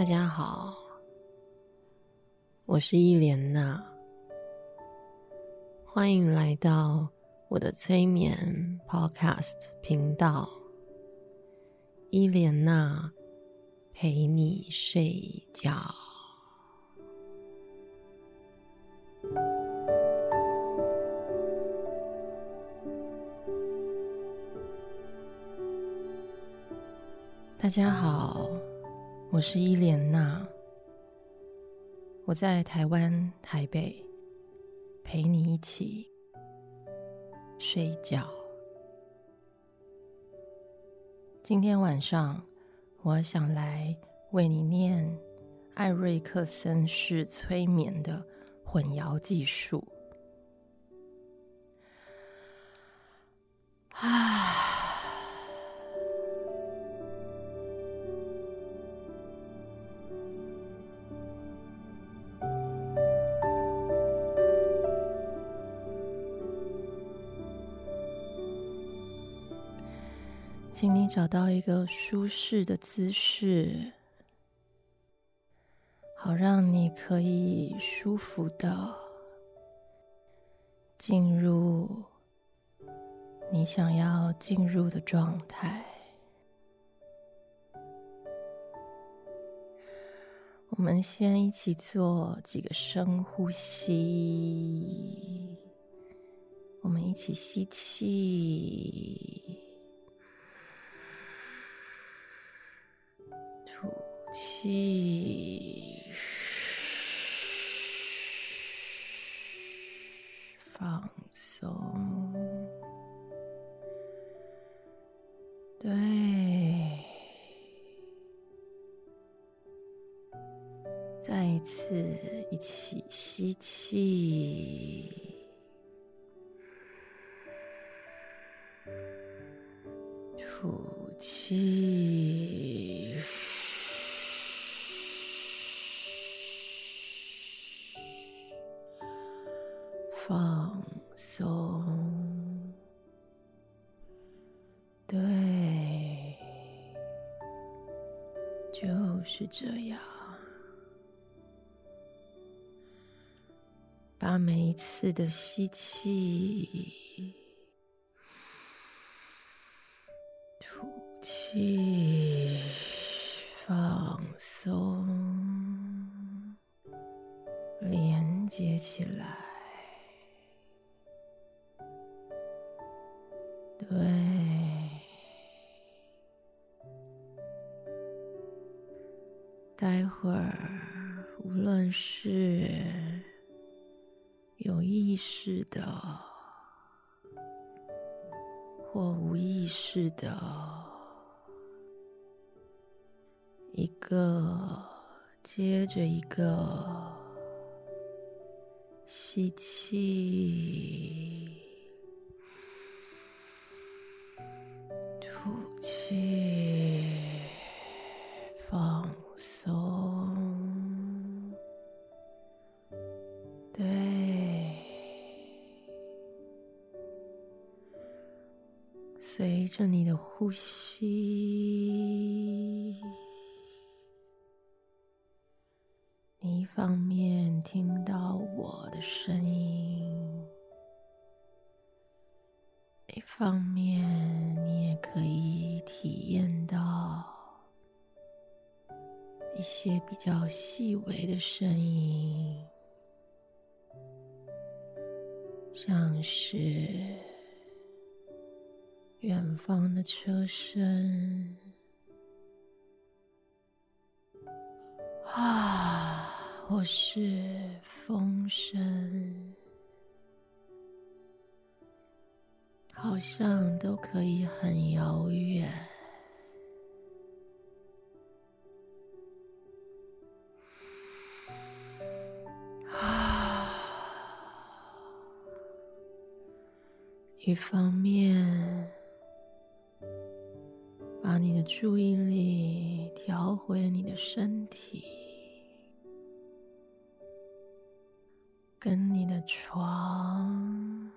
大家好，我是伊蓮娜，歡迎來到我的催眠 Podcast 頻道，伊蓮娜陪你睡覺。大家好。我是伊蓮娜，我在台灣台北，陪你一起睡覺。今天晚上，我想來為你念艾瑞克森式催眠的混淆技術。啊。請你找到一個舒適的姿勢，好讓你可以舒服地進入你想要進入的狀態。我們先一起做幾個深呼吸，我們一起吸氣。吐氣，放鬆。對，再一次一起吸氣，吐氣。就是這樣，把每一次的吸氣、吐氣、放鬆連接起來。是的，我無意識的，一個接着一個吸氣。呼吸，你一方面聽到我的聲音，一方面你也可以體驗到一些比較細微的聲音，像是。遠方的車聲啊，或是風聲，好像都可以很遙遠啊。一方面。你的注意力調回你的身體，跟你的床、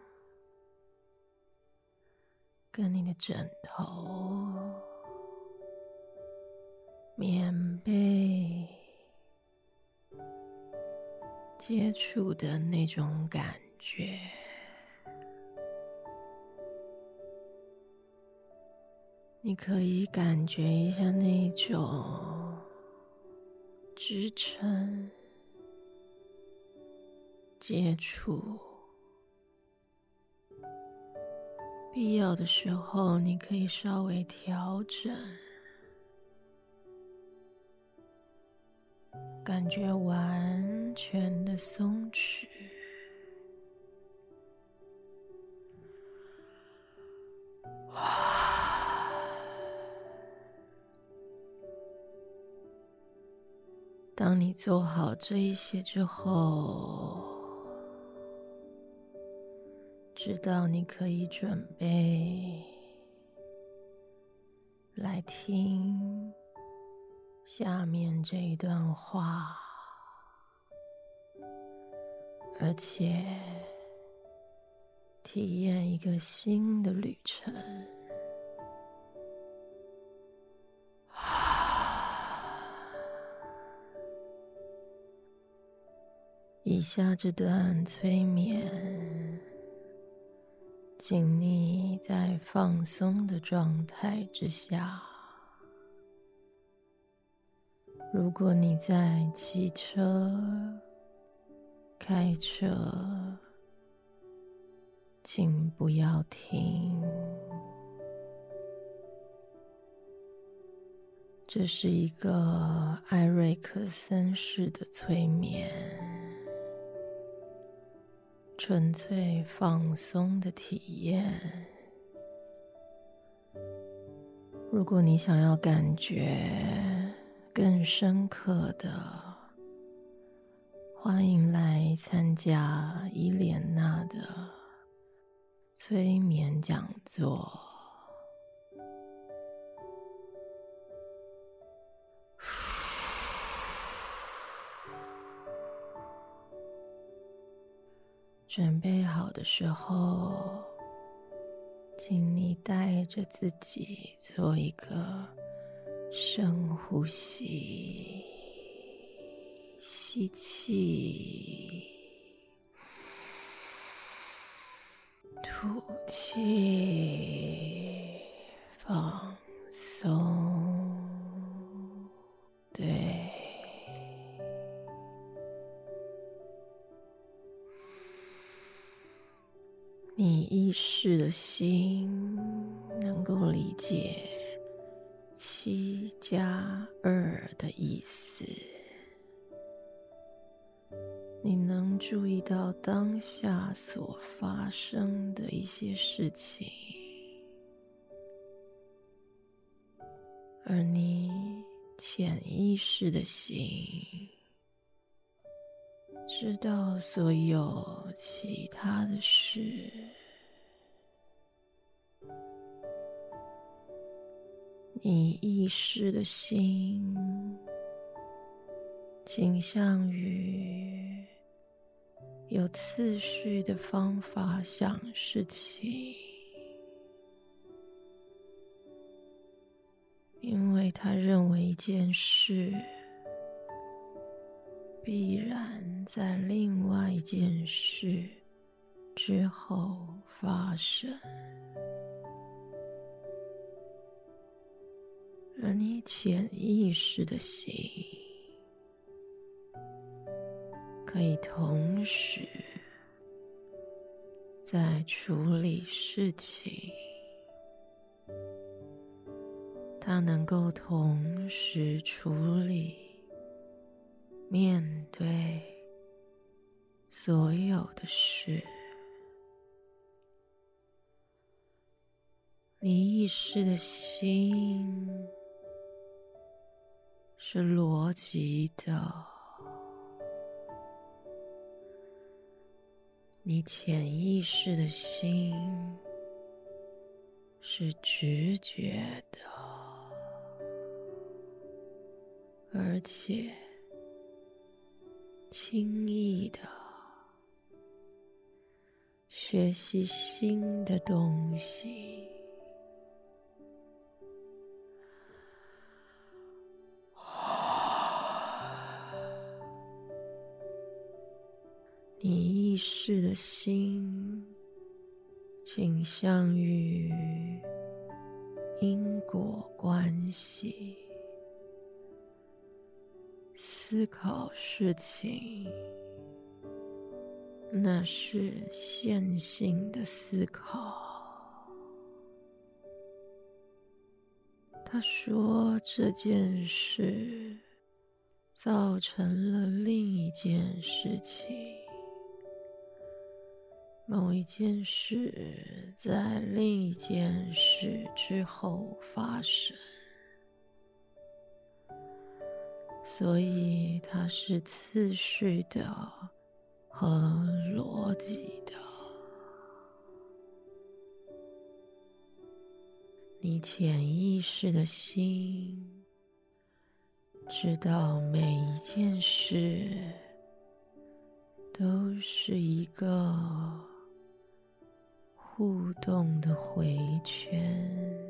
跟你的枕頭、棉被接觸的那種感覺。你可以感覺一下那一種支撐、接觸，必要的時候，你可以稍微調整，感覺完全的鬆弛。當你做好這一些之後，知道你可以準備來聽下面這一段話，而且體驗一個新的旅程。以下這段催眠，請你在放鬆的狀態之下。如果你在騎車、開車，請不要停。這是一個艾瑞克森式的催眠。純粹放鬆的體驗。如果你想要感覺更深刻的，歡迎來參加伊蓮娜的催眠講座。準備好的時候，請你帶着自己做一個深呼吸，吸氣，吐氣，放鬆，對。你意識的心能夠理解七加二的意思，你能注意到當下所發生的一些事情，而你潛意識的心。知道所有其他的事，你意識的心傾向於有次序的方法想事情，因為他認為一件事必然。在另外一件事之後發生，而你潛意識的心可以同時在處理事情，它能夠同時處理面對。所有的事，你意識的心是邏輯的，你潛意識的心是直覺的，而且輕易的。學習新的東西。你意識的心傾向於因果關係，思考事情。那是線性的思考。他說，這件事造成了另一件事情，某一件事在另一件事之後發生，所以它是次序的。和邏輯的，你潛意識的心知道每一件事都是一個互動的回圈，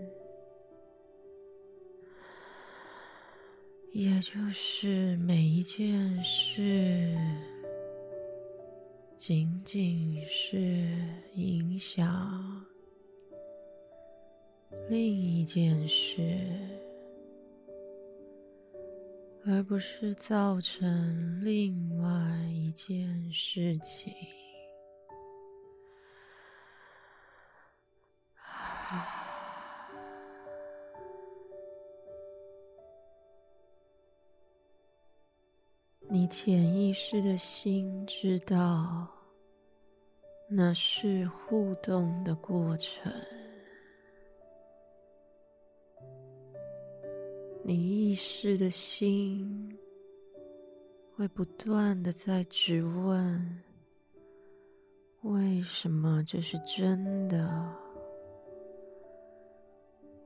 也就是每一件事。僅僅是影響另一件事，而不是造成另外一件事情。你潛意識的心知道，那是互動的過程。你意識的心會不斷的在質問：為什麼這是真的？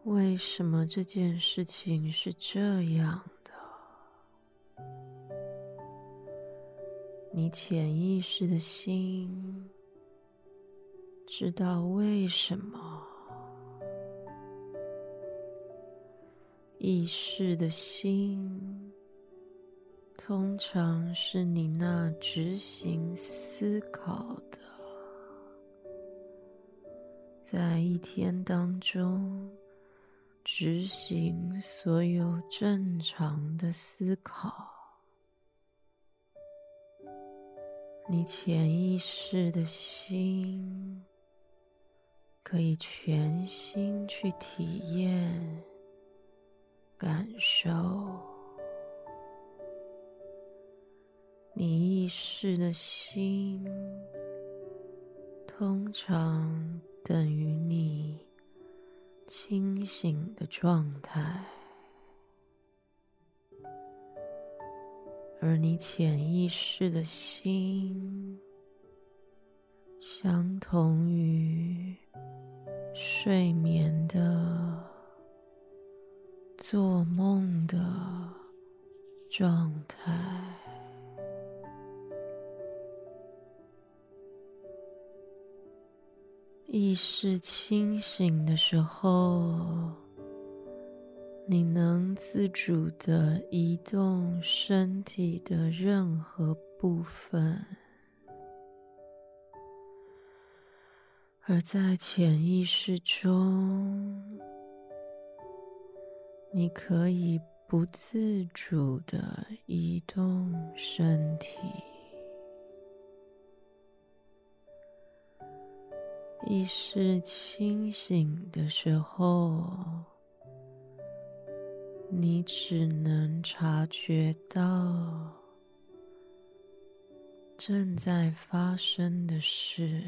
為什麼這件事情是這樣？你潛意識的心知道為什麼？意識的心通常是你那執行思考的，在一天當中執行所有正常的思考。你潛意識的心可以全心去體驗、感受。你意識的心通常等於你清醒的狀態。而你潛意識的心，相同於睡眠的、做夢的狀態。意識清醒的時候，你能自主的移動身體的任何部分，而在潛意識中，你可以不自主的移動身體。意識清醒的時候，你只能察覺到正在發生的事，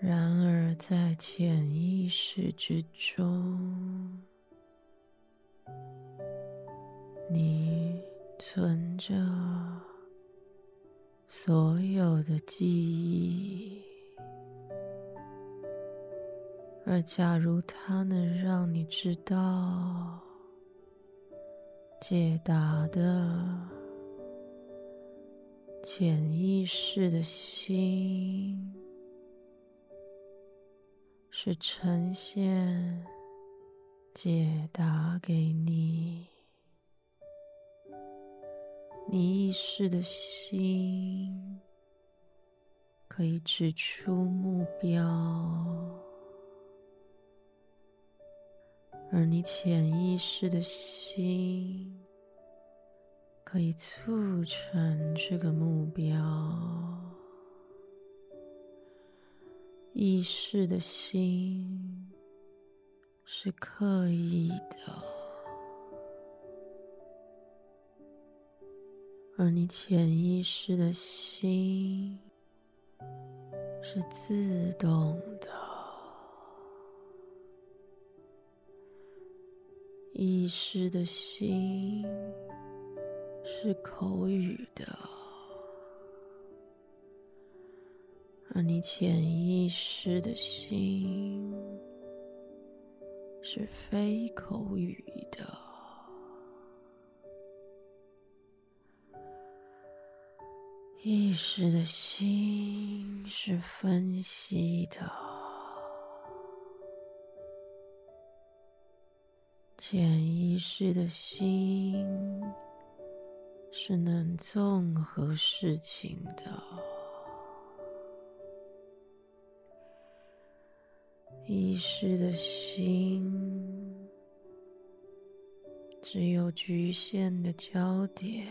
然而在潛意識之中，你存着所有的記憶。而假如它能讓你知道解答的潛意識的心是呈現解答給你，你意識的心可以指出目標。而你潛意識的心，可以促成這個目標。意識的心是刻意的，而你潛意識的心是自動的。意識的心是口語的，而你潛意識的心是非口語的。意識的心是分析的。潛意識的心是能綜合事情的，意識的心只有局限的焦點，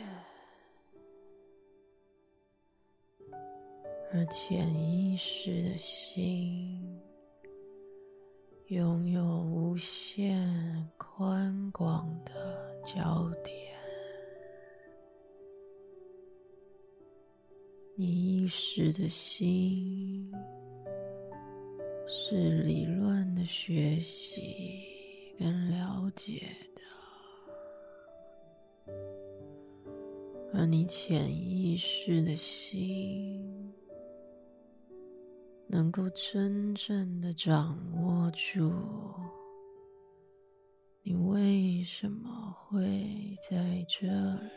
而潛意識的心，擁有無限寬廣的焦點，你意識的心是理論的學習跟了解的，而你潛意識的心。能夠真正的掌握住，你為什麼會在這裡？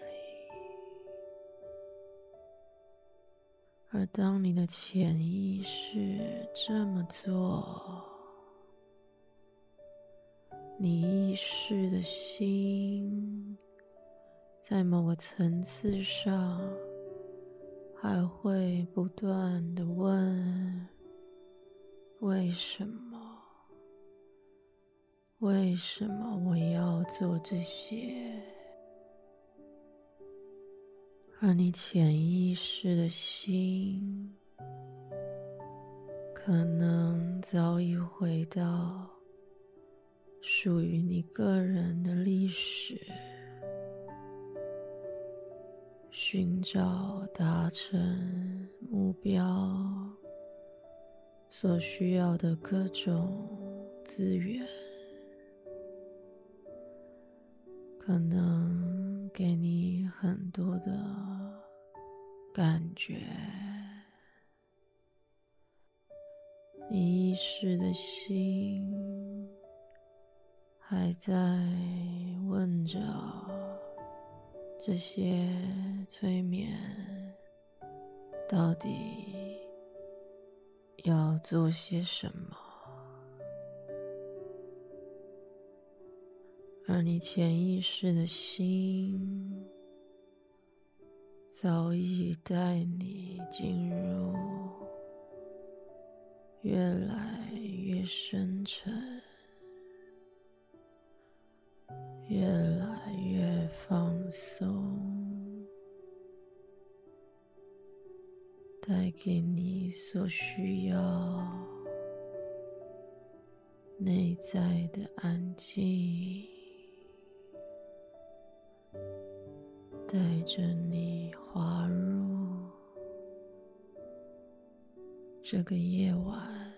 而當你的潛意識這麼做，你意識的心在某個層次上還會不斷的問。為什麼？為什麼我要做這些？而你潛意識的心，可能早已回到屬於你個人的歷史，尋找達成目標。所需要的各種資源，可能給你很多的感覺。你一時的心還在問着：這些催眠到底？要做些什麼？而你潛意識的心早已帶你進入越來越深沉、越來越放鬆。帶給你所需要內在的安靜，帶着你滑入這個夜晚，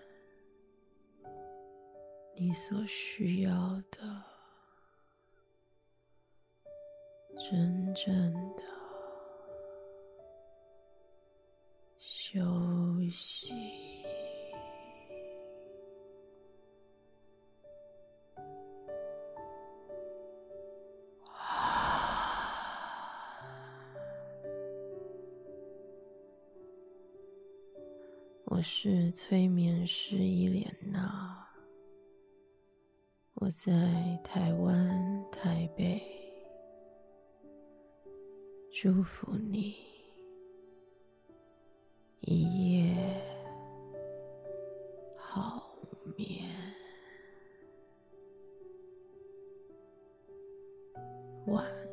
你所需要的真正的。休息，啊。我是催眠師伊蓮娜，我在台灣台北，祝福你。一夜好眠，晚安。